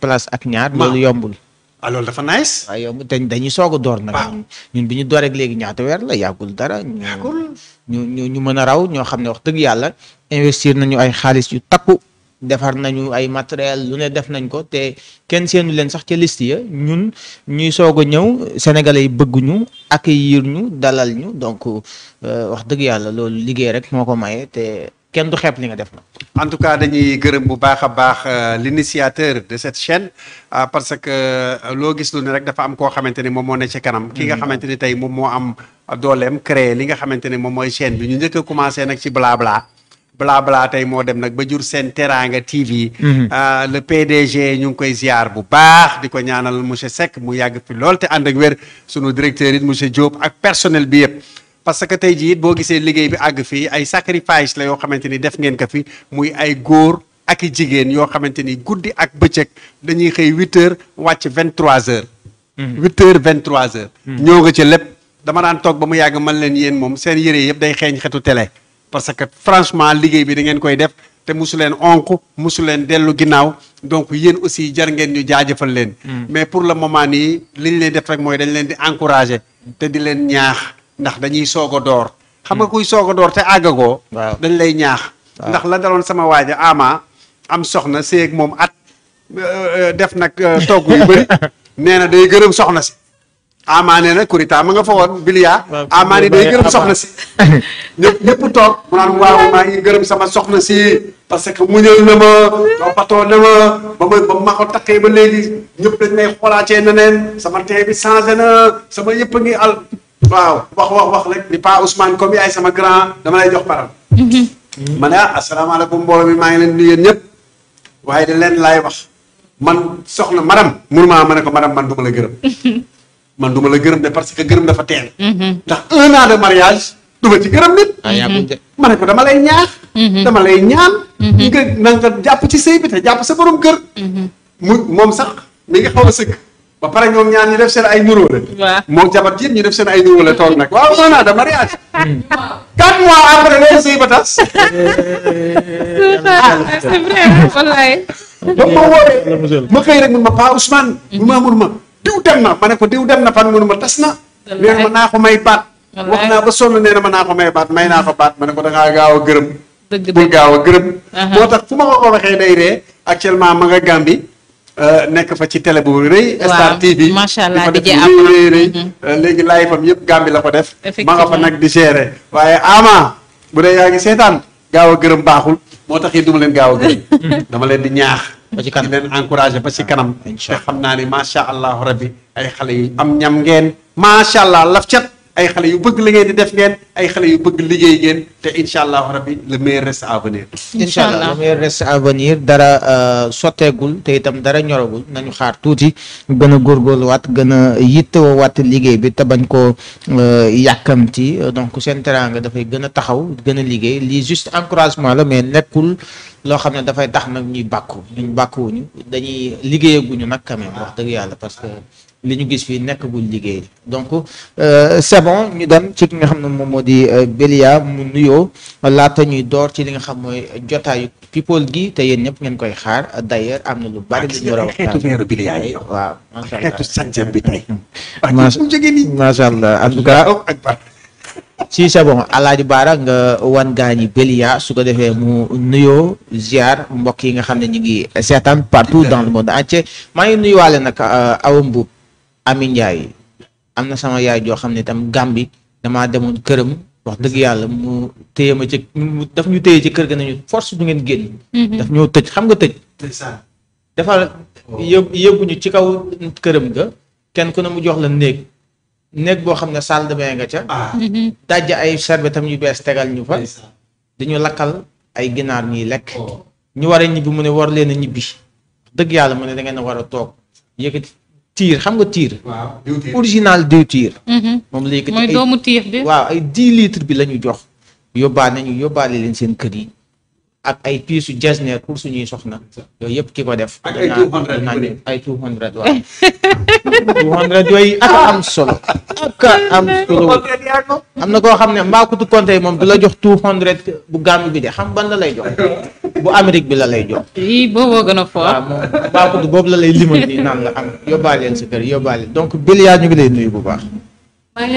place ak ñaar loolu yombul ah loolu dafa nice waaw yombul te dañuy soog door nag ñun bi ñu door ak léegi ñaata weer la yàggul dara ñu ñu mën a raw ñoo xam ne wax dëgg yàlla investir nañu ay xaalis yu takku defar nañu ay matériel lu ne def nañ ko te kenn seenu leen sax ca list ya ñun ñuy soog a ñëw sénégalais yi bëgguñu accueillir ñu dalal ñu donc euh, wax dëgg yàlla loolu liggéey rek moo ko maye kenn du xeeb li nga def na en tout cas dañuy gërëm bu baax a baax euh, l'initiateur de cette chaîne euh, parce que euh, loo gis lu ne rek dafa am koo xamante ni moom moo ne ci kanam ki nga mm-hmm. xamante ni tey moom moo am dooleem créé li nga xamante ni moom mooy chaîne bi ñu njëkk a commencé nag ci blabla blabla tey moo dem nag ba jur seen Teranga TV mm-hmm. le PDG ñu ngi koy ziar bu baax di ko ñaanal monsieur Seck mu yàgg fi lool te ànd ak wér sunu directeur it monsieur Diop ak personnel bi parce que tey jii boo gisee liggéey bi àgg fii ay sacrifice la yoo xamante ni def ngeen ko fi muy ay góor ak i jigéen yoo xamante ni guddi ak bëccëg dañuy xëy huit heures wàcc vingt trois heures. Mm-hmm. huit heures vingt trois heures. Mm-hmm. ñëw nga ci lépp dama daan toog ba mu yàgg man leen yéen moom seen yére yëpp day xeeñ xetu télé. parce que franchement liggéey bi da ngeen koy def te mosu leen onk mosu leen dellu ginnaaw donc yéen aussi jar ngeen ñu jaajëfal leen. Mm-hmm. mais pour le moment nii li ñu leen def rek mooy dañ leen di encourager te di leen ñaax. ndax dañuy soog a door xam nga hmm. kuy soog a door te dañ lay ñaax ndax la daloon sama waaja ama am soxna séeg moom at euh, euh, def nag euh, togg yu na day gërëm soxna si ama nee na kurita nga fa woon biliyaa ama toog mu naan waaw maa ngi gërëm sama soxna si parce que mu na ma ma ba ma ba ma ba léegi ñëpp dañ may xoolaatee na neen sama tee bi na sama yëpp ngi al waaw wax wax wax rek ni Pa Ousmane comme yaay sama grand dama lay jox param mhm. ma ne ah asalaamaaleykum mbooloo mi maa ngi leen nuyu yéen ñëpp waaye da leen laay wax man soxna madame muruma ma ne ko madame man du ma la gërëm man du ma la gërëm de parce que gërëm dafa teel mhm. ndax un a de mariage du ci gërëm nit ah, mhm. ma ne ko dama lay ñaax dama lay ñaan nga na nga jàpp ci sëy te jàpp sa borom kër mu moom sax mi ngi xaw a sëkk ba pare ñoom ñaan ñu def seen ay nuróole. waaw moom jabat yëpp ñu def seen ay nuróole toog nag waaw maanaam de mariage. quatre mois après lay sëy ba tas. c'est vrai wallaay. ba ma woowee ma xëy rek mun ma Pa Ousmane. mu ma mun ma diw dem na ma ne ko diw dem na fan munuma tas na. nee na ma naa ko may baat. wax naa ba sonn nee na ma naa ko may baat may naa ko baat ma ne ko da gaaw a gërëm. dëgg dëgg bul gaaw a gërëm. moo tax fu ma ko waxee day ree actuellement ma nga Gambie. Euh, nekk fa ci télé bu rëy. Star TV macha allah di fa def rëy rëy mhm. euh, léegi laay la ko def. ma nga fa nag di gérer. waaye ama bu dee yaa ngi seetaan gaaw a gërëm baaxul moo tax it duma leen gaaw a gërëm. dama leen di ñaax. ba ci kanam di leen encouragé ba ci kanam. te xam naa ni macha allah rabbi ay xale yi am ñam ngeen. macha allah laf cat ay xale yu bëgg la ngeen di def ngeen ay xale yu bëgg liggéey ngeen te incha allah rabbi le meilleur reste à venir. incha allah le meilleur reste à dara euh, sotteegul te itam dara ñoragul nañu xaar tuuti gën a góorgóorluwaat gën a yittewoowaat liggéey bi te bañ koo euh, yàkkamti donc seen teraanga dafay gën a taxaw gën a liggéey li juste encouragement la mais nekkul. loo xam ne dafay tax nag ñuy bàkku ñun bàkkuwuñu dañuy liggéeyaguñu nag quand wax dëgg yàlla parce que li ñu gis fii nekk guñ liggéey donc euh, c'est bon ñu dem ci ki nga xam ne moom moo di euh, Belia mu nuyoo laata ñuy door ci li nga xam mooy jotaayu people gi te yéen ñëpp ngeen koy xaar d'ailleurs am na lu bari lu ñu war a waxtaan xeetu Belia yi waaw en tout cas si c'est bon alaaji baara nga wan gaa ñi Belia su ko defee mu nuyoo ziar mbokk yi nga xam ne ñu ngi seetaan partout dans le monde entier maa ngi nuyuwaale nag euh, awa mbuub Ami Ndiaye am na sama yaay joo xam ne tam Gàmbi damaa demoon këram wax dëgg yàlla mu téye ma ci daf ñu tëye ci kër ga nañu force du ngeen génn. Mhm. daf ñoo tëj xam nga tëj. dafa yóbbu yóbbu ñu ci kaw këram ga kenn ku ne mu jox la néeg néeg boo xam ne salle de nga ca. Ah. Mhm. dajj ay serviette tam yu bees tegal ñu fa. dañu lakkal ay ginaar ñuy lekk. Oh. ñu war a ñibbi mu ne war leen a ñibbi. dëgg yàlla mu ne dangeen a war a toog tiir xam nga tiir. waaw original diw tiir. Mhm. moom léegi mooy doomu tiir bi. waaw ay dix litres bi la ñu jox. yóbbaale ñu yóbbaale leen seen kër yi. ak ay piisu jasner pour suñuy soxna yooyu yëpp ki ko def. ak ay 200 yooyu ay 200 waaw. ak am solo. ak am solo am na koo xam ne mbaa kutu compter moom du la jox 200 bu gàmm bi de xam ban la lay jox bu Amérique bi la lay jox. yii booboo gën a fort. waaw boobu la lay limal nii naan la am yóbbaale leen sa kër yóbbaale donc Bilia ñu ngi lay nuyu bu baax. maa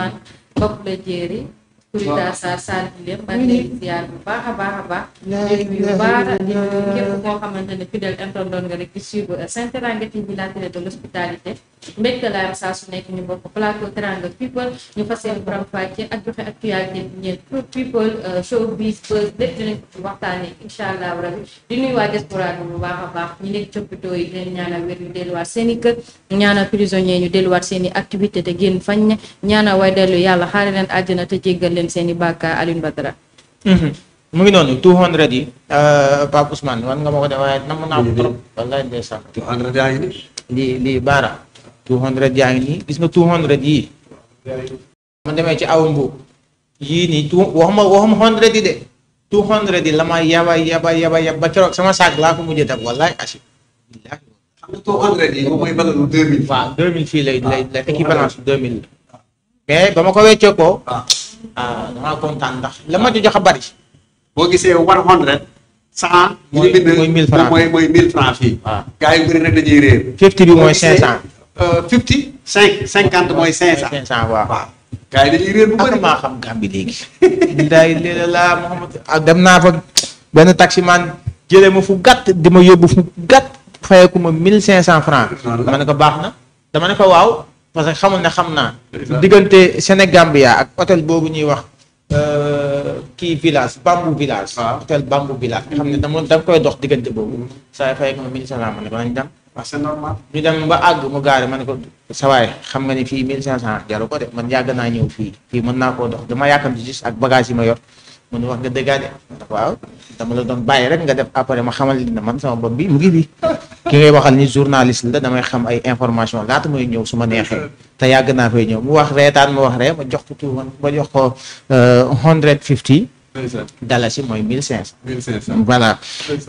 ngi bopp la jéeri kurita Sarr Sarr Guilem ba tey ziar bu baax a baax a baax. di a baax di nuyu képp koo xamante ne fidèle nga rek di suivre Sen Teranga TV la télé de l'hospitalité mbégte laa am saa su nekk ñu bokk plateau Teranga People ñu fas yéene faram ak joxe actualité bi ñeen people euh, showbiz buzz lépp dinañ ko ci waxtaanee incha allah rabi di nuyu waa diaspora bi bu baax a baax ñu nekk ci hôpitaux yi leen ñaanal wér ñu delluwaat seen i kër ñaanal prisonniers ñu delluwaat seen i activité te génn fañ ne ñaanal way dellu yàlla xaare leen àjjana te jéggal leen seen i bàkkaar Alioune Badara mhm. mu ngi noonu 200 yi euh, Pape Ousmane wan nga two hundred yaa ngi nii gis nga two hundred yii ma demee ci aw mbuub yii nii two waxuma waxuma hundred yi de two hundred yi la ma yaba yaba yaba ba keroog sama saak laa ko mujjee def wallahi asi billahi two hundred yi moom mooy balalu deux deux mille fii lay lay lay ah. deux mille mais ba ma ko weccee ko ah. Ah, damaa kontaan ndax la ma jox a bari boo gisee one hundred cent mooy mooy mille francs mooy mooy mille francs fii gars yu bëri nag dañuy réer fifty bi mooy cinq cent Euh, fifty cinq cinquante mooy cinq cent. cinq cent waaw waaw. gars yi dañuy réer bu bëri maa xam Gambie léegi. ndaay léeg laa Mouhamadou ah dem naa fa benn taximaan jële ma fu gàtt di ma yóbbu fu gàtt fayeku ma mille cinq cent franc. ma ne ko baax na dama ne fa waaw. parce que xamul ne xam naa. diggante Sénégambia ak hôtel boobu ñuy wax. Euh, kii village bambou village. Ah. hôtel bambou village. nga xam ne dama da nga koy dox diggante boobu. Mm-hmm. saa fay ko mille cinq cent ma ne ko nañ dem. waaw c'est normal ñu dem ba àgg mu gaari ma ne ko sawaay xam nga ni fii mille cinq cent jaru ko de man yàgg naa ñëw fii fii mën naa ko dox dama yàkkam ci gis ak bagage yi ma yor mu ne wax nga dëggaade ndax waaw dama la doon bàyyi rek nga def après ma xamal li ne man sama bopp bi mu ngi fi ki ngay waxal ni journaliste la damay xam ay information laata may ñëw su ma neexee te yàgg naa fay ñëw mu wax reetaan mu wax ree ma jox ko tuuman ma jox ko euh, hundred fifty dalasi mooy mille cinq cent voilà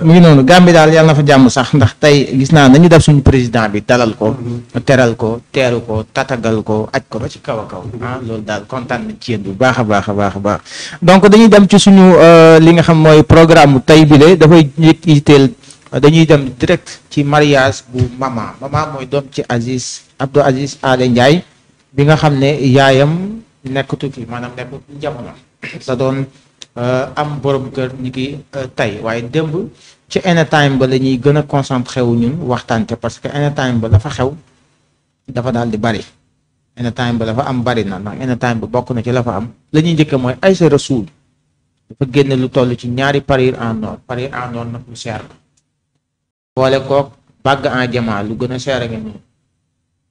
mu ngi noonu Gambie daal yàlla na fa jàmm sax ndax tey gis naa nañu def suñu président bi dalal ko mm-hmm. teral ko teeru ko tatagal ko aj ko ba ci kaw a kaw mm-hmm. ah loolu daal kontaan nañ ci yéen bu baax a baax a baax a baax donc dañuy dem ci suñu euh, li nga xam mooy programme tey bi le dafay yitteel dañuy dem direct ci mariage bu mama mama mooy doom ci Aziz Abdou Aziz Alé Ndiaye bi nga xam ne yaayam nekkatu fi maanaam nekk jamono da doon Euh, am borom kër ñu ki euh, tey waaye démb ci anytime ba la ñuy gën a concentré wu ñun waxtaante parce que anytime ba dafa xew dafa daal di bari anytime ba dafa am bari na ndax anytime bi bokk na ci la fa am lañuy ñuy njëkk mooy Aïssa Rassoul dafa génne lu toll ci ñaari parir en or parir en or nag lu seer la boole kook bàgg en diamant lu gën a seer a ngi noonu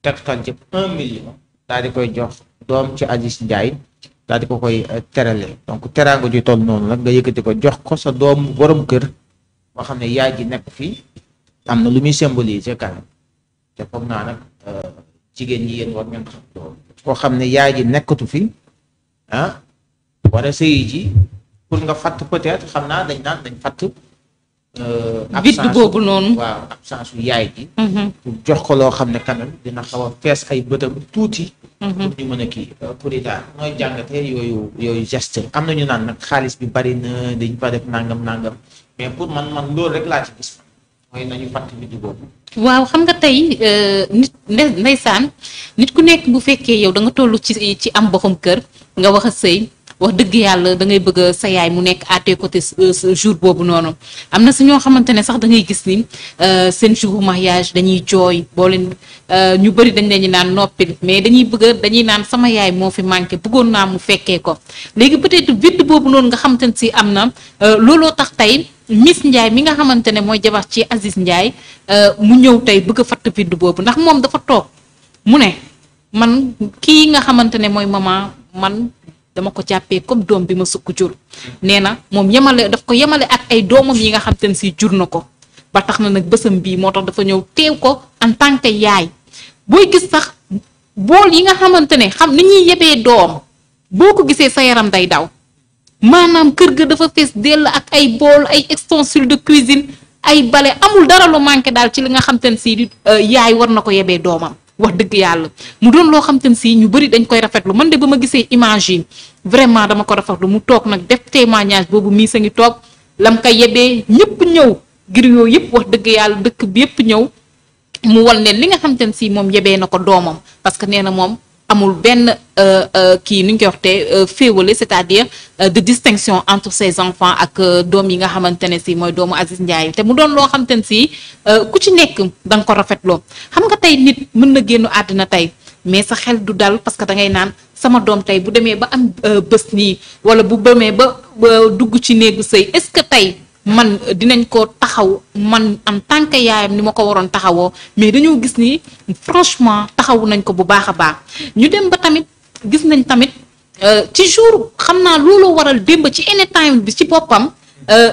tegtal ci un million daal di koy jox doom ci Aziz Ndiaye daal di ko koy eh, terale donc teraanga ji toll noonu nag nga yëkkati ko jox ko sa doom borom kër boo xam ne yaay ji nekk fii am na lu muy symboliser quand même te foog naa nag eh, jigéen ñi yéen war ngeen xam loolu koo xam ne yaay ji nekkatu fi ah war a sëyi ji pour nga fàtt peut xam naa dañ naan dañ fàtt eh, absence yu yaay ji mhm. pour jox ko loo xam ne quand dina xaw fees ay bëtam tuuti Mm-hmm. pour ñu mën a kii euh, pour état mooy jàngatee yooyu yooyu geste am na ñu naan nag xaalis bi bari na di fa def nangam nangam mais pour man man loolu rek laa ci gis mooy nañu fàtt bi di waaw xam nga tey euh, nit ndeysaan nit ku nekk bu fekkee yow da nga toll ci ci am boxam kër nga wax a sëy wax dëgg yàlla da ngay bëgg sa yaay mu nekk à tes côtés euh, jour boobu noonu am na si ñoo xamante ne sax dangay gis ni euh, seen jour mariage dañuy jooy boo leen euh, ñu bari dañ leen naan noppil mais dañuy bëgg dañuy naan sama yaay moo fi manqué bëggoon naa mu fekkee ko léegi peut-être vide boobu noonu nga xamante ne si am na looloo tax tey Miss Ndiaye mi nga xamante ne mooy jabar ci Aziz Ndiaye mu ñëw tey bëgg fatt vide boobu ndax moom dafa toog mu ne man kii nga xamante ne dama ko jàppee comme doom bi ma sukk jur nee na moom yemale daf ko yemale ak ay doomam yi nga xam te ne si jur na ko ba tax na nag bësam bii moo tax dafa ñëw teew ko en tant que yaay booy gis sax bool yi nga xamante ne xam ni ñuy yebee doom boo ko gisee sa yaram day daw maanaam kër ga dafa fees dell ak ay bool ay extensible de cuisine ay bale amul dara lu manqué daal ci li nga xam te ne si euh, yaay war na ko yebee doomam wax dëgg yàlla mu doon loo xam tam sii ñu bëri dañ koy rafetlu man de ba ma gisee image yi vraiment dama ko rafetlu mu toog nag def témoignage boobu mii sa ngi toog lam ko yebee ñëpp ñëw ngir yooyu yëpp wax dëgg yàlla dëkk bi yëpp ñëw mu wal ne li nga xam te ne si moom yebee na ko doomam parce que nee na moom amul benn euh, euh, kii nu ñu koy wax te euh, féewale c'est-à-dire de distinction entre ces enfants ak doom yi nga xamante ne si mooy doomu Aziz Ndiaye te mu doon loo xamante ne si ku ci nekk danga nga ko rafetloo xam nga tey nit mën na génn àddina tey mais sa xel du dal parce que da ngay naan sama doom tey bu demee ba am bés nii wala bu demee ba dugg ci néegu sëy est-ce que tey man euh, dinañ ko taxaw man en tant que yaayam ni ma ko waroon taxawoo mais dañoo gis ni franchement taxawu nañ ko bu baax a baax ñu dem ba tamit gis nañ tamit euh, ci jour xam naa loolu waral démb ci anytime bi ci boppam euh,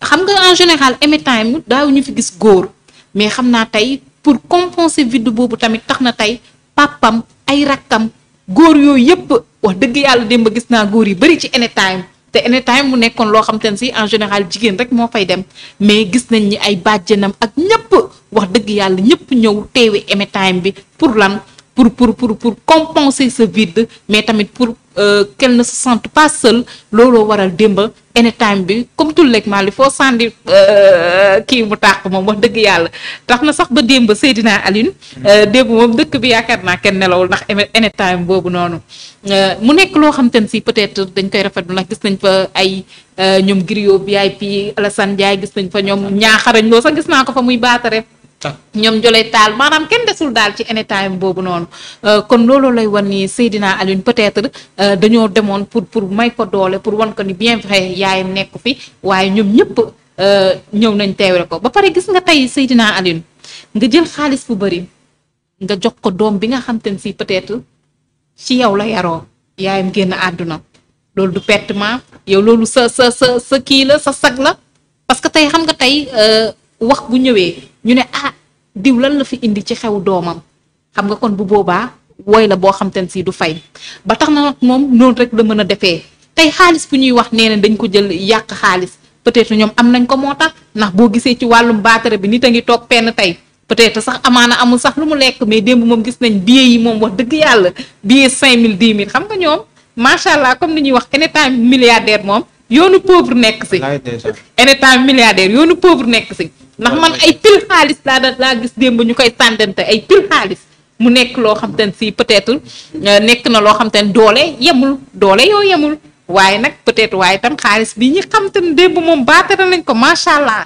xam nga en général anytime daaw ñu fi gis góor mais xam naa tey pour compenser vide boobu tamit tax na tey papam ay rakkam góor yooyu yépp wax dëgg yàlla démb gis naa góor yi bari ci anytime te anytime mu nekkoon loo xam te ne si en général jigéen rek moo fay dem mais gis nañ ni ay bàjjenam ak ñëpp wax dëgg yàlla ñëpp ñëw teewe anytime bi pour lan pour pour pour pour compenser ce vide mais tamit pour euh, qu'elle ne se sente pas looloo waral démba anytime bi comme tout lekk maa li foo sànni kii mu tàq moom wax dëgg yàlla tax na sax ba démba Seydina Aline euh, démb moom dëkk bi yaakaar naa kenn nelawul ndax anytime boobu noonu euh, mu nekk loo xam te ne si peut-être dañ koy rafet rafetlu ndax gis nañ fa ay ñoom griot VIP Alassane Ndiaye gis nañ fa ñoom ñaaxarañ loo sax gis naa ko fa muy baatare ñoom jolay taal maanaam kenn desul daal ci anytime boobu noonu euh, kon looloo lay won ni Seydina Alioune peut-être euh, dañoo demoon pour pour may ko doole pour wan ko ni bien vrai yaayam nekku fi waaye ñoom ñëpp euh, ñëw nañ teewle ko ba pare gis nga tey Seydina Alioune nga jël xaalis bu bari nga jox ko doom bi nga xam te si peut-être ci yow la yaroo yaayam génn àdduna loolu du pertement yow loolu sa sa sa sa kii la sa sag la parce tey xam nga tey wax bu ñëwee ñu ne ah diw lan la fi indi ci xew doomam xam nga kon bu boobaa wooy la boo xam te ne si du fay ba tax na nag moom noonu rek la mën a defee tey xaalis bu ñuy wax nee na dañ ko jël yàq xaalis peut-être ñoom am nañ ko moo tax ndax boo gisee ci wàllum baatare bi nit a ngi toog penn tey peut-être sax amaana amul sax lu mu lekk mais démb moom gis nañ billet yi moom wax dëgg yàlla billet 5000 10 000 xam nga ñoom macha allah comme ni ñuy wax anytime milliardaire moom yoonu nekk si anytime milliardaire yoonu pauvre nekk si ndax man ay pile xaalis laa da laa gis démb ñu koy sàndante ay pile xaalis mu nekk loo xam te ne si peut-être euh, nekk na loo xam te ne doole yemul doole yoo yemul waaye nag peut-être waaye tam xaalis bi ñu xam te ne démb moom baa baatara nañ ko macha allah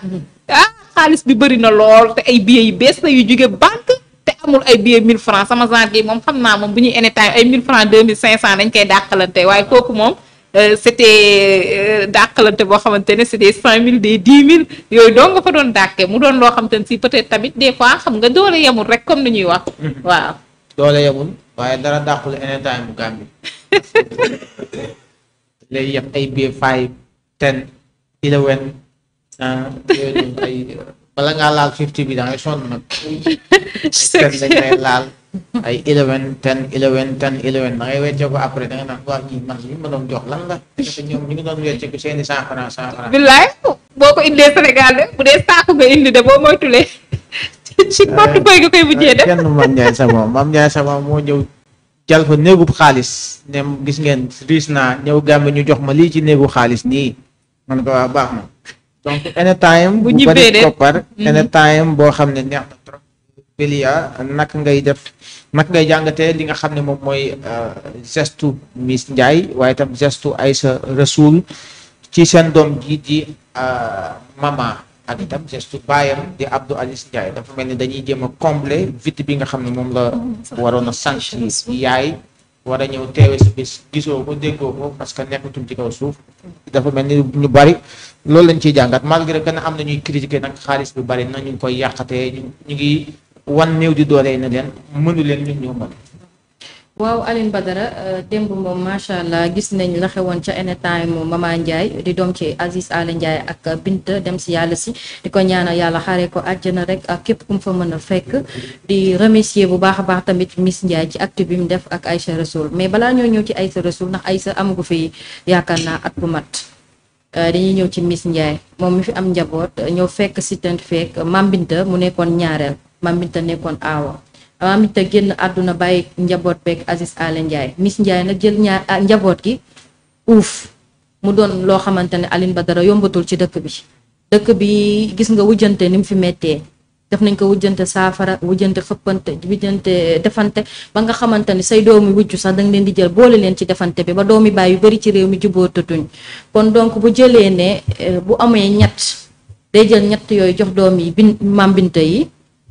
ah xaalis bi bëri na lool te ay billets yu bees la yu jóge banque te amul ay billets 1000 francs sama genre gi moom xam naa moom bu ñuy anytime ay 1000 francs 2500 dañ koy dàqalante waaye kooku moom Euh, c'était euh, dàqalante boo xamante ne c'est des cent mille des dix mille yooyu doo nga fa doon dàqee mu doon loo xamante ne si peut-être tamit des fois xam nga doole yemul rek comme ni ñuy wax mm-hmm. waaw. doole yemul waaye dara dàqul any time mu Gambie léegi yem ay biir five ten eleven ah, yooyu ay bala ngaa laal fifty bi da ngay sonn nag. ay ten lañ lay laal. ay 11 10 11 10 11 da ngay weccee ko après da nga naan waa ñii man li ma doon jox lan la. parce que ñoom ñu ngi boo ko indee Sénégal de bu dee saako nga indi de boo moytulee. ci porte koy nga koy mujjee de. kenn Mame Ndiaye Savon Mame moo ñëw jal fa néegub xaalis ne gis ngeen riis naa ñëw gàmbe ñu jox ma lii ci néegu xaalis nii man ko waa baax na donc anytime bu ñibbee de mhm. boo xam ne neex bilia naka ngay def naka ngay jàngate li nga xam ne moom mooy euh, gestu Miss Ndiaye waaye itam gestu sa Rassoul ci seen doom ji di euh, mama ak itam gestu baayam di Abdou Aziz Ndiaye dafa mel ni dañuy jéem a combler vide bi nga xam ne moom la waroon a sànq yaay war a ñëw teewe si bis gisoo ko déggoo ko parce que nekkatul ci kaw suuf dafa mel ni ñu bari loolu lañ ciy jàngat malgré que na am na ñuy critiquer nag xaalis bu bari na ñu ngi koy yàqatee ñu ngi wan néew di doole na leen mënu leen ñun ñoo mën waaw Alioune Badara euh, démb moom macha allah gis nañ la xewoon ca anytime moom mamaa Ndiaye di doom ci Aziz Ala Ndiaye ak Binta dem si yàlla si di ko ñaanal yàlla xaaree ko àjjana rek ak képp kum fa mën a fekk di remercier bu baax a baax tamit Miss Ndiaye ci acte bi mu def ak Aïcha Rasoul mais balaa ñoo ñëw ci ay Aïcha Rasoul ndax Aïcha amagu fi yaakaar naa at bu mat euh, dañuy ñëw ci Miss Ndiaye moom mu fi am njaboot ñëw fekk si ten fekk Mame Binta mu nekkoon ñaareel. Mame Binta nekkoon aawa Mame Binta génn àdduna bàyyi njaboot beeg Aziz ale Ndiaye Miss Ndiaye nag jël ñaar ah, njaboot gi uuf mu doon loo xamante ne Aline Badara yombatul ci dëkk bi dëkk bi gis nga wujjante ni mu fi mettee def nañ ko wujjante saafara wujjante xëppante wujjante defante ba nga xamante ne say doomi wujj sax danga leen di jël boole leen ci defante bi ba doomi baay yu bari ci réew mi juboo tëtuñ kon donc bu jëlee ne eh, bu amee ñett day jël ñett yooyu jox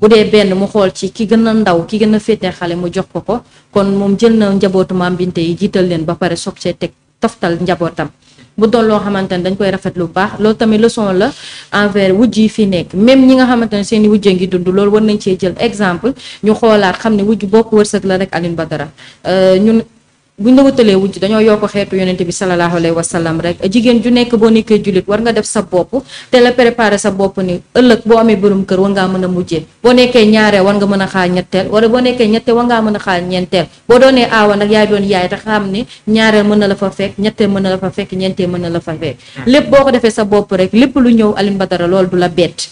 bu dee benn mu xool ci ki gën a ndaw ki gën a féete xale mu jox ko ko kon moom jël na njabootu Mame Binta yi jiital leen ba pare soog see teg toftal njabootam bu doon loo xamante ne dañ koy rafet lu baax loolu tamit leçon la envers wujj yi fi nekk même ñi nga xamante ne seen i wujje ngi dund loolu war nañ cee jël exemple ñu xoolaat xam ne wujj bokk wërsëg la rek Alioune ba euh, ñun bu buñ la wutalee wujj dañoo yokk xeetu yonente bi salallaahu alayhi wa sallam rek jigéen ju nekk boo nekkee jullit war nga def sa bopp te la préparer sa bopp ni ëllëg boo amee borom kër war ngaa mën a mujjee boo nekkee ñaareel war nga mën a xaar ñetteel wala boo nekkee ñetteel war ngaa mën a xaar ñeenteel boo doonee aawa nag yaay doon yaay te xam ne ñaareel mën na la fa fekk ñetteel mën na la fa fekk ñeenteel mën na la fa fekk hmm. lépp boo ko defee sa bopp rek lépp lu ñëw Alioune Badara loolu du la bett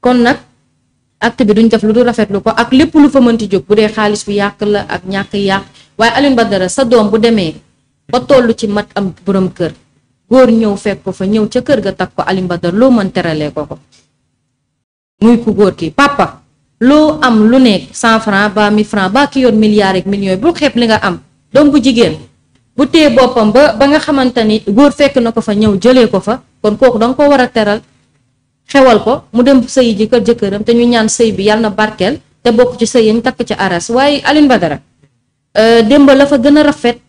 kon nag acte bi duñ def lu du rafetlu ko ak lépp lu fa mënti jóg bu dee xaalis bu yàq la ak ñàkk yàq waaye Alioune Badara sa doom bu demee ba toll ci mat am borom kër góor ñëw fekk ko fa ñëw ca kër ga takk ko Alioune Badara loo mën teralee ko ko muy ku góor ki papa loo am lu nekk cent franc ba mille franc ba ki yor milliards ak millions bu xeeb li nga am doom bu jigéen bu téye boppam ba ba nga xamante ni góor fekk na ko fa ñëw jëlee ko fa kon kooku danga ko war a teral xewal ko mu dem sëy ji kër jëkkëram te ñu ñaan sëy bi yàlla na barkeel te bokk ci sëy yañ takk ci aras waaye Alioune Euh, démb la fa gën a rafet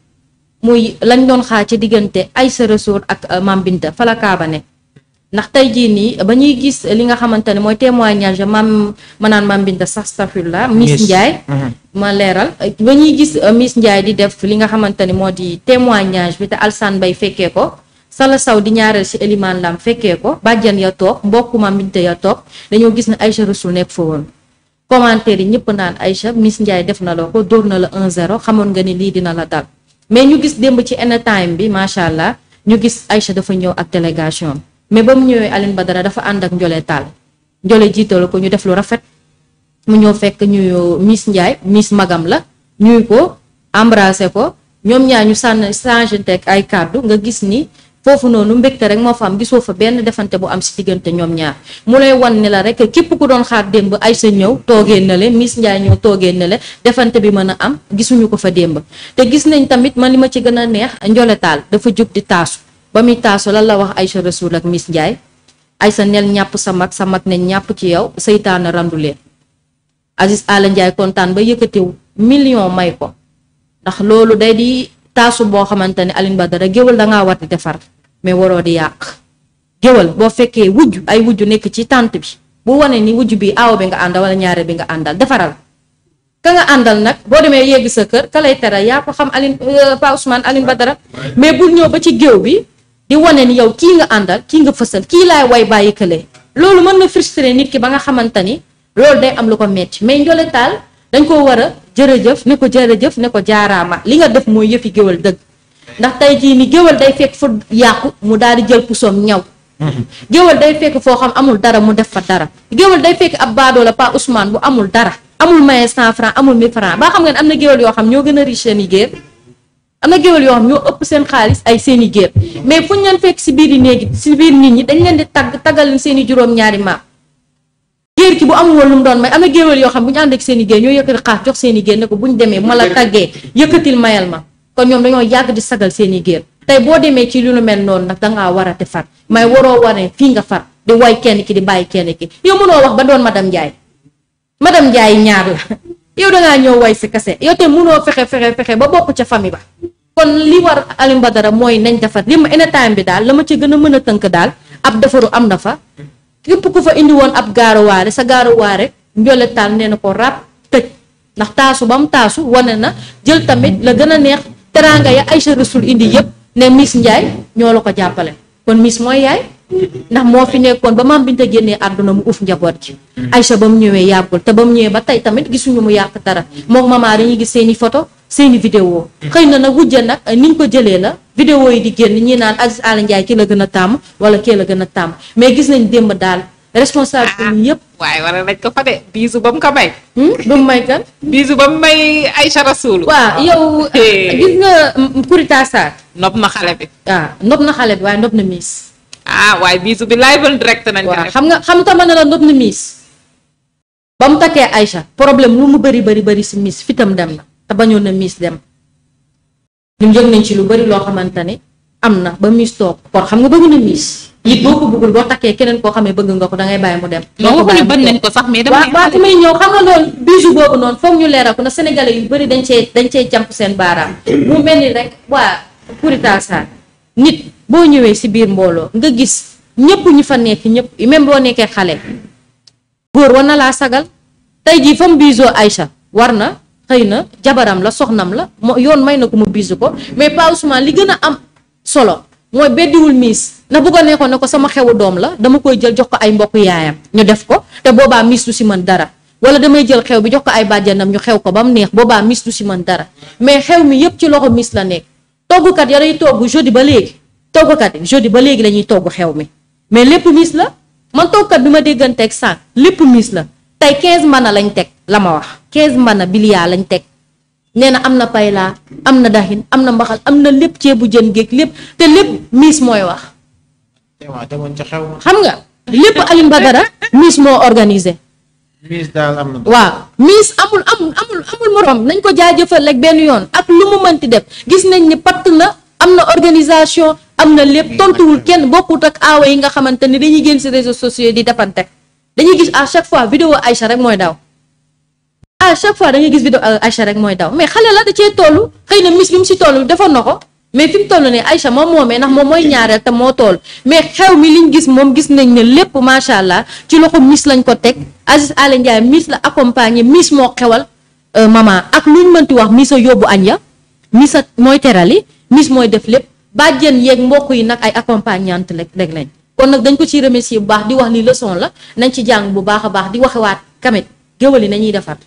muy lañ doon xaar ci diggante Aïssa Rassoul ak euh, Mame Binta fa ndax tey jii nii ba ñuy gis li nga xamante ne mooy témoignage maam ma naan Mame sax safurla Miss Ndiaye mhm. ma leeral ba ñuy gis euh, Miss Ndiaye di def li nga xamante ne moo di témoignage bi te Alsane Mbaye fekkee ko Sala Saw di ñaareel ci Eliman Lam fekkee ko bàjjan ya toog mbokku Mame Binta ya toog dañoo gis ne Aïssa Rassoul nekk fa woon commentaire yi ñëpp naan Aïcha Miss Ndiaye def na loo ko dóor na la 1-0 xamoon nga ni lii dina la dal mais ñu gis démb ci en time bi macha allah ñu gis Aïcha dafa ñëw ak délégation mais ba mu ñëwee Aline Badara dafa ànd ak Ndiolé Tall Ndiolé jiital ko ñu def lu rafet mu ñëw fekk ñu Miss Ndiaye Miss Magam la ñuy ko embrasser ko ñoom ñaar ñu sànn changé teg ay kàddu nga gis ni. foofu noonu mbégte rek moo fa am gisoo fa benn defante bu am si diggante ñoom ñaar mu lay wan ni la rek képp ku doon xaar démb ay sa ñëw toogee na le Miss Ndiaye ñëw toogee na le defante bi mën a am gisuñu ko fa démb te gis nañ tamit man li ma ci gën a neex njoletaal dafa jug di taasu ba muy taasu lan la wax Aïcha Rasoul ak Miss Ndiaye Aïcha nel ñàpp sa mag sa mag ne ñàpp ci yow seytaane randu leen Aziz Ala Ndiaye kontaan ba yëkkatew million may ko ndax loolu day di taasu boo xamante ne Alioune Badara géwal dangaa war di defar mais waroo di yàq géwal boo fekkee wujj ay wujju nekk ci tànt bi bu wane ni wujj bi aaw bi nga àndal wala ñaaree bi nga àndal defaral ka nga àndal nag boo demee yegg sa kër ka lay tere yaa ko xam Aline euh, Pa Ousmane Aline Badara mais bul ñëw ba ci géw bi di wane ni yow kii nga àndal kii nga fësal kii laay way bàyyi kële loolu mën na frustré nit ki ba nga xamante ni loolu day am lu ko metti mais njoletaal dañ koo war a jërëjëf ne ko jërëjëf ne ko jaaraama li nga def mooy yëfi géwal dëgg ndax tey jii ni géwal day fekk fu yàqu mu daal di jël pusoom ñaw mm-hmm. géwal day fekk foo xam amul dara mu def fa dara géwal day fekk ab baadoo a pa Ousmane bu amul dara amul maye cent franc amul mille franc baa xam nga ne am na géwal yoo xam ñoo gën a riche i géer am na géwal yoo xam ñoo ëpp seen xaalis ay seen i géer mais fuñ leen fekk si biir yi néegi si biir nit ñi dañ leen di tagg taggal leen seen i juróom-ñaari maam géer ki bu amul woon lu mu doon may am na géwal yoo xam bu ñu ànd ak seen i géer ñoo yëkkati xaas jox ko bu ñu demee ma la taggee yëkkatil mayal kon ñoom dañoo yàgg di sagal seen i géer tey boo demee ci lu lu mel noonu nag dangaa war a defar may waroo wane fii nga far di way kenn ki di bàyyi kenn ki yow mënoo wax ba doon madame Ndiaye madame Ndiaye ñaar la yow dangaa ñëw woy si kase yow te mënoo fexe fexe ba bokk ca fami ba kon li war Alioune Badara mooy nañ defar li ma time bi daal la ma ci gën a mën a tënk daal ab defaru am na fa képp ku fa indi woon ab gaaruwaare sa gaaruwaare njole taal nee na ko rab ndax taasu ba taasu wane na jël tamit la gën a neex teraanga ya Aïcha Rasoul indi yëpp ne Miss Ndiaye ñoo la ko jàppale kon Miss mooy yaay ndax moo fi nekkoon ba maam Binta génnee àdduna mu uuf njaboot ji mm. Aïcha ba mu ñëwee yàggul te ba mu ñëwee ba tey tamit gisuñu mu yàq dara moom maman dañuy gis seeni foto seeni seen i vidéo xëy na nag wujja nag eh, ni ñu ko jëlee la vidéo yi di génn ñi naan Aziz Aly Ndiaye kii a gën a tàmm wala kii a gën a tàmm mais gis nañ démb daal responsable ah. bi yëpp. waaye war nañ ko fa de bisu ba mu ko may. Hmm? ba mu may kan. bisu ba mu may Aïcha Rasoul. waaw ah. yow gis nga mm, mm, Kourita Sarr. nopp na xale bi. waaw ah, nopp na xale bi waaye nopp na miis. ah waaye bisu bi live and direct nañ ko xam nga xam nga man la nopp na miis. ba mu takkee Aïcha problème lu mu bëri bëri bëri si miis fitam dem na te bañoon na miis dem. ñun yëg nañ ci lu bëri loo xamante ne am na ba miis toog kon xam nga bëgg na miis. nit boo ko bëggul boo takkee keneen koo xamee bëgg nga ko da ngay bàyyi mu dem waxuñu bañ nañ ko sax mais dama waaw fi may ñëw xam nga loolu bijou noonu ñu leeral ko na sénégalais yu bëri dañ cee dañ cee jàmp seen baaraam mu mel ni rek waa pourita nit boo ñëwee si biir mbooloo nga gis ñëpp ñu fa nekk ñëpp même boo nekkee xale góor war na laa sagal tey jii fa mu biisoo Aïcha war na xëy na jabaram la soxnam la yoon may na ko mu biisu ko mais Pa Ousmane li gën a am solo mooy beddiwul miis na bu ko ne ko sama xewu doom la dama koy jël jox ko ay mbokk yaayam ñu def ko te boobaa miis du si mën dara wala damay jël xew bi jox ko ay bàjjanam ñu xew ko ba mu neex boobaa miis du si mën dara mais xew mi yépp ci loxo miis la nekk toggkat ya lay togg jeudi ba léegi toggkat yi ba léegi la ñuy xew mi mais lépp miis la man toggkat bi ma dégganteeg sànq lépp miis la tey 15 mana lañ teg la ma wax 15 mana biliyaa lañ teg nee na am na payla am na daxin am na mbaxal am na lépp ceebu jën géej lépp te lépp miis mooy wax. xam nga lépp Alioune Badara miis moo organisé. miis daal am na. waaw miis amul amul amul amul morom nañ ko jaajëfal ak benn yoon ak lu mu mënti def gis nañ ni patt na am na organisation am na lépp tontuwul kenn bokkut ak aawa yi nga xamante ni dañuy génn si réseaux sociaux di defante dañuy gis à chaque fois vidéo Aïcha rek mooy daw. à chaque fois da ngay gis vidéo Aïcha rek mooy daw mais xale la da cee toll xëy na mis bi mu si toll defoon dafa ko mais fi mu toll ne Aïcha moom moomee ndax moom mooy ñaareel te moo toll mais xew mi liñ gis moom gis nañ ne lépp macha allah ci loxo mis lañ ko teg Aziz Aly Ndiaye mis la accompagner mis moo xewal euh, maman ak lu luñ mënti wax mis a yóbbu añ ya mis mooy mooy yi mis mooy def lépp bàjjen yeeg mbokk yi nag ay accompagnante rek rek lañ kon nag dañ ko ciy remercier bu baax di wax ni leçon la nañ ci jàng bu baax baax di waxewaat kamet géwël yi nañuy defar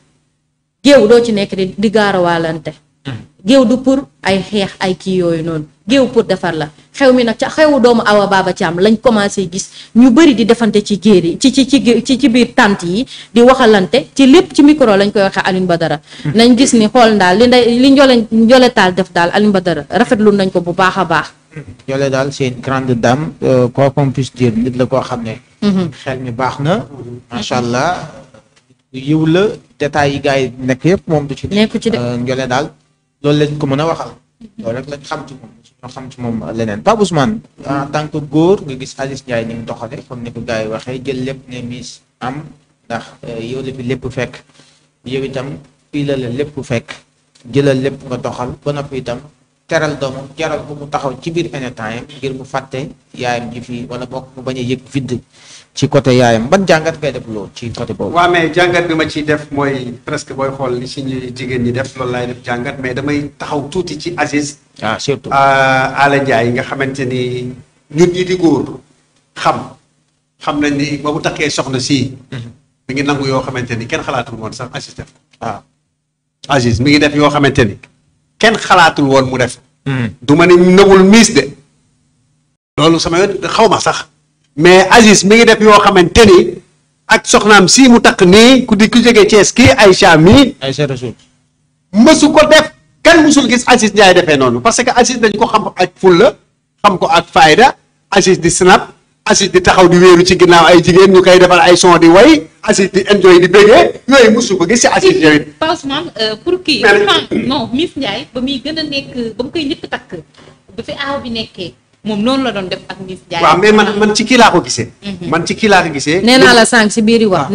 géew doo ci nekk di di gaarawaalante hmm. géew du pour ay xeex ay kii yooyu noonu géew pour defar la xew mi nag ca xew doomu awa baaba ci lañ commencé gis ñu bëri di defante ci géer yi ci ci ci ci biir tànt yi di waxalante ci lépp ci micro lañ koy waxee ba dara hmm. nañ gis ni xool ndaal li nday li njole njole taal def daal Alioune Badara rafetlu nañ ko bu baax a baax hmm. njole daal c'est une grande dame euh, quoi qu'on puisse nit la koo xam ne xel mi baax na macha allah yiw la détails yi gars yi nekk yëpp moom du ci njole euh, daal loolu lañ ko mën a waxal loolu rek lañ xam ci moom ñoo moom leneen Pape Ousmane en tant que góor nga gis Aziz Ndiaye ni mu doxale comme ni ko gars jël lépp ne miis am ndax euh, yow la fi lépp fekk yow itam fii la la lépp fekk jëlal lépp nga toxal ba noppi itam teral doomam jaral bu mu taxaw ci biir enetaayam ngir mu fàtte yaayam ji fii wala bokk mu bañ a yëg vide ci côté yaayam ban jàngat ngay def loolu ci côté boobu. waa mais jàngat bi ma ciy def mooy presque booy xool li suñuy jigéen ñi def loolu laay def jàngat mais damay taxaw tuuti ci Aziz. ah surtout ah, Ala Ndiaye nga xamante ni ñun ñi di góor xam xam nañ ni ba mu takkee soxna si mu mhm. ngi nangu yoo xamante ni kenn xalaatul woon sax Aziz def ah. ngi def yoo xamante ni. kenn xalaatul woon mu def. Hmm. du ma ne nëwul miis de. loolu sama yoon xaw ma sax. mais Aziz mi ngi def yoo xamante ni ak soxnaam sii mu takk nii ku di ku jógee Thiès kii Aïcha mii. Aïcha Rassoul. mësu ko def kenn mësul gis Aziz Ndiaye defee noonu parce que Aziz dañu ko xam ak fulla xam ko ak fayda Aziz di snap. Aziz di taxaw di wéeru ci ginnaaw ay jigéen ñu koy defal ay son di way Aziz di enjoy di béggee yooyu musu ko gis euh, a nekk ba mu koy njëkk takk ba bi nekkee. moom noonu la doon def ak Miss Ndiaye. waaw mais man man ci kii gisee. Mhm. man ci kii laa ko gisee. nee naa la sànq si biir yi wax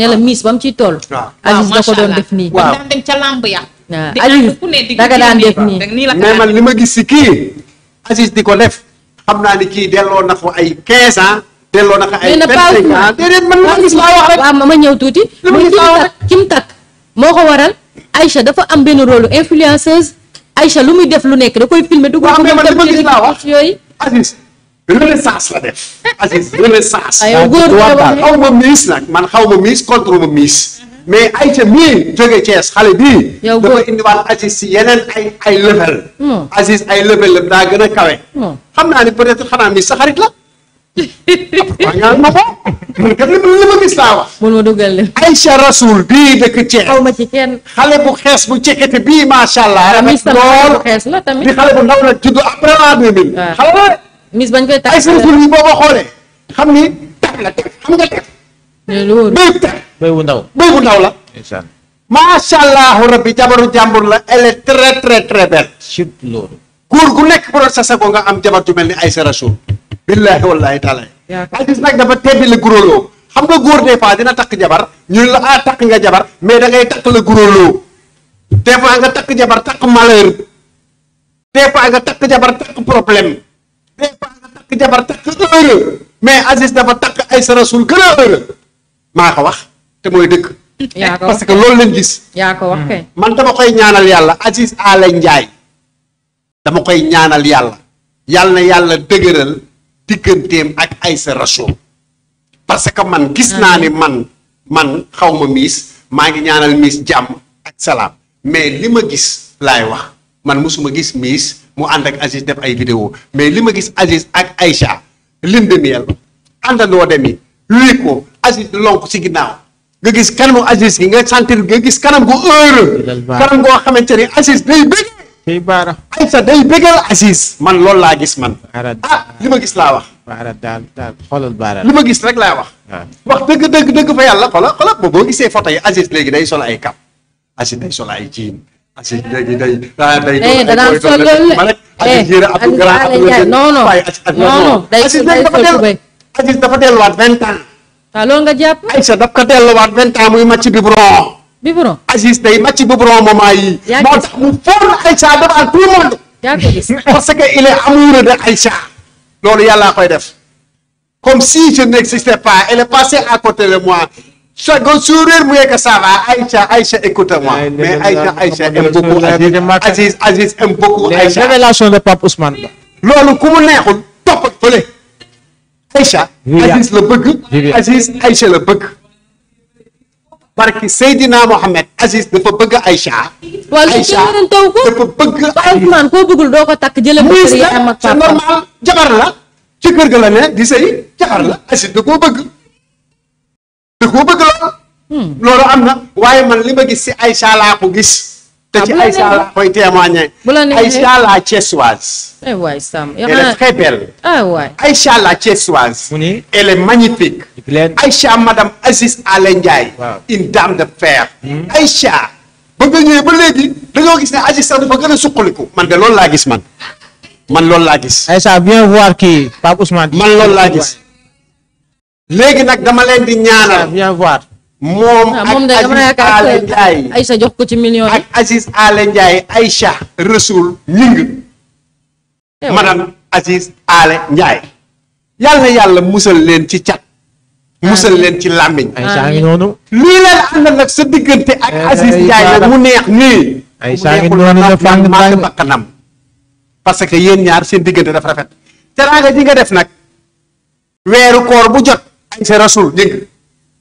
gis si kii di ko def xam naa ni kii delloo na ko ay 15 ans delloo na ko ay. vingt-cinq ans déedéet man ma gis ma ñëw tuuti. li ma gis laa wax rek kim takk moo ko waral Aïcha dafa am benn rôle influenceuse Aïcha lu muy def lu nekk da koy filmer dugg ko moom tamit ci réseaux yooyu. Aziz renaissance la def. Aziz renaissance. aywa ah, góor xaw ma miis nag man xaw ma miis contre ma miis. mais Aïcha mii jóge Thiès xale bi yow góor dafa indiwaat Aziz si yeneen ay ay level. Hmm. Aziz ay level la daa gën a kawe. Hmm. xam naa ni peut-être xanaa mi sa xarit la. waaw ma ko man kat ma li ma gis laa wax. bul ma dugal leen. Aïcha Rasoul bii dëkk Thiès. xaw ma ci kenn. xale bu xees bu cekkete bii macha allah. tamit lool xees la tamit. di xale bu ndaw koy tax Aïcha Rasoul bi boo ko xoolee. xam ni teg la teg xam nga teg. béy bu ndaw béy bu ndaw la. incha macha allah rabbi jabaru jàmbur la elle est gu nekk bu doon sasago nga am jabar ju mel ni Aïcha Rasoul billaahi wallaahi taala aziz nag dafa tebbi la guróloo xam nga góor des fois dina takk jabar ñu ne la ah takk nga jabar mais dangay ngay takk la guróloo des nga takk jabar takk malheur des nga takk jabar takk problème des fois nga takk jabar takk heure mais Aziz dafa takk ay sa rasul gën a maa ko wax te mooy dëkk parce que loolu leen gis yaa ko wax man dama koy ñaanal yàlla Aziz Aly Ndiaye dama koy ñaanal yàlla yàlla na yàlla dëgëral digganteem ak Aïssa Rassoul parce que man gis naa ne man man xawma ma miis maa ngi ñaanal miis jàmm ak salaam mais li ma gis laay wax man mosuma gis miis mu ànd ak Aziz def ay vidéo mais li ma gis Aziz ak ay Aïcha lune de miel àndandoo demi luy ko Aziz lonk ci ginnaaw nga gis kanamu Aziz gi nga sentir nga gis kanam gu heureux kanam goo xamante ni Aziz day bëgg Aïcha day Aziz man lool laa gis man. ah li ma gis laa wax. baara daal daal xoolal baara. li ma gis rek laa wax. Ah. wax dëgg dëgg dëgg fa yàlla xoolal xoolal boobu boo gisee photo yi Aziz léegi day sol ay cap Aziz day sol ay jiin Aziz léegi day. Ah, day eh, day danaa sol loolu man eh, non non non Aziz dafa delluwaat vingt ans. waaw loolu nga jàpp. Aïcha daf ko delluwaat vingt ans muy màcc biberon Aziz day màcc biberon maman yi. moo tax mu fóon Aïcha devant tout le monde. yaa ko gis parce que il est amoureux de Aïcha. loolu yàllaa koy def comme si je n'existais pas elle est passée à côté de moi. second sourire mu yegg ça va Aïcha Aïcha écoute-moi mais Aïcha Aïcha aime beaucoup Aziz Aziz aime beaucoup Aïcha révélation de Pape Ousmane Ba. loolu ku mu neexul topp barki Seydina Mohamed Aziz dafa bëgg Aïcha. Aïcha dafa bëgg. Ousmane koo bëggul doo ko takk jëlee. ak c'est normal jabar la. ci kër ga la ne di sëy jabar la Aziz da koo bëgg. da koo bëgg la. Hmm. loolu am na. waaye man li ma gis si Aïcha laa ko gis. te ci Aïcha la koy témoigner. bu la neexee Aïcha la thiessoise. eh waay Sam elle est très belle. ah waay Aïcha la thiessoise. mu ni elle est magnifique. Aïcha madame Aziz Alen Ndiaye. une dame de fer. Hmm? Aïcha ba nga ñëwee ba léegi dañoo gis ne Aziz sax dafa gën a suqaliku. man de loolu laa gis man man loolu laa gis. Aïcha viens voir kii Pape Ousmane. man loolu laa gis. léegi nag dama leen di ñaanal. viens voir. moom ah, ak Aziz Aly Ndiaye Aïcha jox ko ci million ak Aziz Aly Ndiaye Aïcha Rasoul ñing eh, madame Aziz Aly Ndiaye yàlla na yàlla musal leen ci cat musal leen ci làmmiñ Aïcha ngi noonu lii nag sa diggante ak eh, Aziz eh, Ndiaye nag mu neex nii Aïcha ngi noonu la fàng fàng bakkanam parce que yéen ñaar seen diggante daf rafet teraanga ji nga def nag weeru koor bu jot Aïcha Rasoul ñing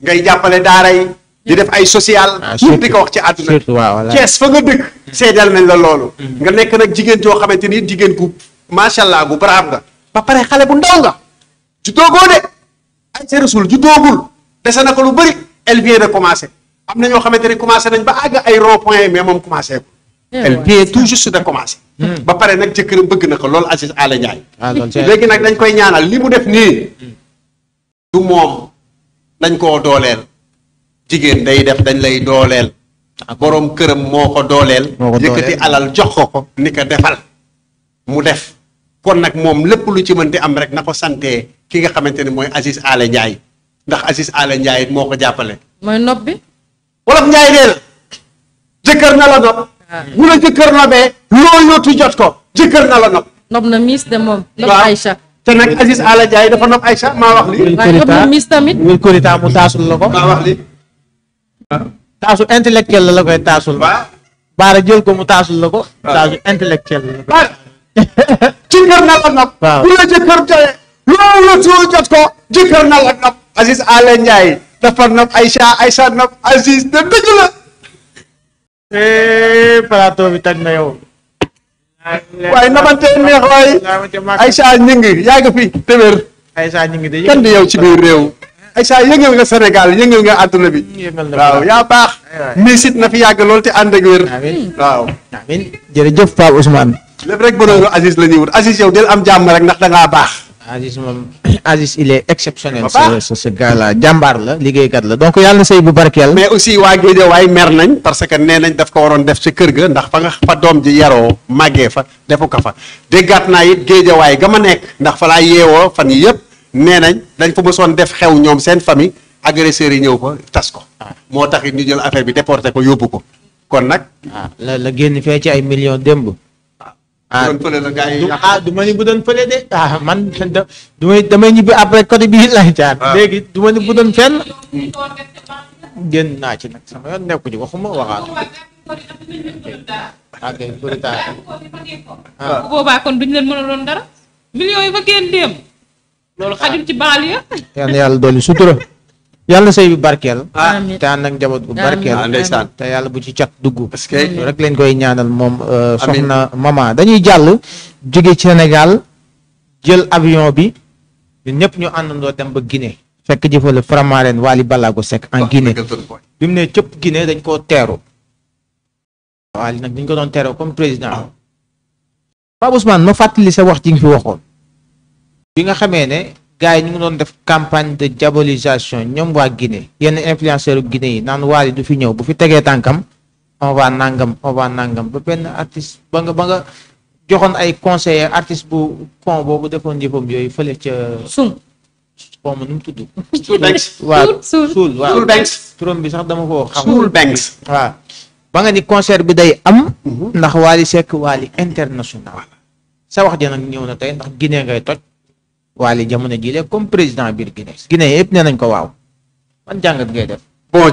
ngay jàppale daara yi di def ay social ñëpp ah, di ko wax ci àdduna Cees fa nga dëkk seedal nañ la loolu mm. nga nekk nag jigéen joo xamante ni jigéen gu macha allah gu brave nga ba pare xale bu ndaw nga ju doogoo de ay sa rasul ju doogul dese na ko lu bëri elle vient de commencer am na ñoo xamante ni commencé nañ ba àgg ay rond point mais moom commencé ko eh, elle vient tout juste de commencer mm. ba pare nag jëkkëram bëgg na ko loolu Aziz Ala Ndiaye ah, léegi nag dañ koy ñaanal def nii mm. moom dañ koo dooleel jigéen day def dañ lay dooleel boroom këram moo ko dooleel yëkkati alal jox ko ko ni ko defal mu def kon nag moom lépp lu ci mënti am rek na ko santee ki nga xamante ne mooy Aziz Aale Ndiaye ndax asis Aale Ndiaye moo ko jàppale mooy nopp bi wolof Ndiaye dee la jëkkër na la nopp bu ah. la jëkkër nobee loo yóotu jot ko jëkkër na la nopp nopp na miis de moom nopp Aïcha te nag Aziz Ala Ndiaye dafa nopp Aïcha maa wax li mis tamit wil kurita mu taasul la ko maa wax li taasu intellectuel la la koy taasul baara jël ko mu taasul la ko taasu intellectuel la ci kër na la nopp bu la jëkkër joye loolu soo jot ko jëkkër na la nopp Aziz Ala Ndiaye dafa nopp Aïcha Aïcha nopp Aziz de dëgg la eh, plateau bi tag na yow waaye namante neex waay Aïcha Gningue yaa nga fi téwér kenn di yow ci biir réew Aïcha yëngal nga Sénégal yëngal nga àdduna bi waaw yaa baax miisit na fi yàgg lool te ànd ak wér waaw jërëjëf Pape Ousmane lépp rek bonooru Aziz la ñuy wut Aziz yow del am jàmm rek ndax dangaa baax Aziz moom Aziz il est exceptionnel. sa sa sa gars la jàmbaar la liggéeykat la donc yàlla na sëy bu barkeel. mais aussi waa Géejawaay mer nañ parce que nee nañ daf ko waroon def ci kër ga ndax fa nga fa doom ji yaroo màggee fa defu ko fa déggaat naa it Géejawaay ga ma nekk ndax fa laa yeewoo fan yii yëpp nee nañ dañ fa mësoon def xew ñoom seen famille agresseurs yi ñëw fa tas ko. Ah. moo tax it ñu jël affaire bi déporté ko yóbbu ko kon nag. Ah, la la génn fee ci ay millions démb. Ah, ah du ma ni bu doon fële de ah man du ma damay ñibbi après côté bii lay jaar. Ah. léegi du ma ni bu doon naa ci nag sama yoon nekku ci waxuma waxaat. ok ah, bu boobaa kon duñ leen mën a doon dara. millions yi fa génn dem. loolu ci baal ya. yàlla dooli sutura. yàlla sëy bi barkeel te ànd ak njaboot bu barkeel te yàlla bu ci cat dugg rek leen koy ñaanal moom euh, soxna mama dañuy jàll jóge ci Sénégal jël avion bi ñun ñëpp ñu àndandoo dem ba Guinée fekk jëfale Faramareen Wally Ballago Seck en Guinée bi mu ne cëpp Guinée dañ koo teeru Wally nag dañ ko doon teeroo comme président ah. Pape Ousmane ma fàttali sa wax ji nga fi waxoon bi nga xamee ne gars yi ñu ngi doon def campagne de diabolisation ñoom waa Guinée yenn influenceur Guinée yi naan Wally du fi ñëw bu fi tegee tànkam on va nangam on va nangam ba benn artiste ba nga ba joxoon ay conseiller artiste bu con boobu defoon yëppam yooyu fële ca. suul xaw ma nu mu tudd. suul banks waaw suul waaw suul banks turam bi sax dama ko xam. suul ba nga ni concert bi day am. Mhm. ndax Wally Seck Wally international. sa wax ja nag ñëw na tey ndax Guinée ngay toj. waali jamono jii léegi comme président biir Guinée Guinée yëpp nee nañ ko waaw man jàngat ngay def.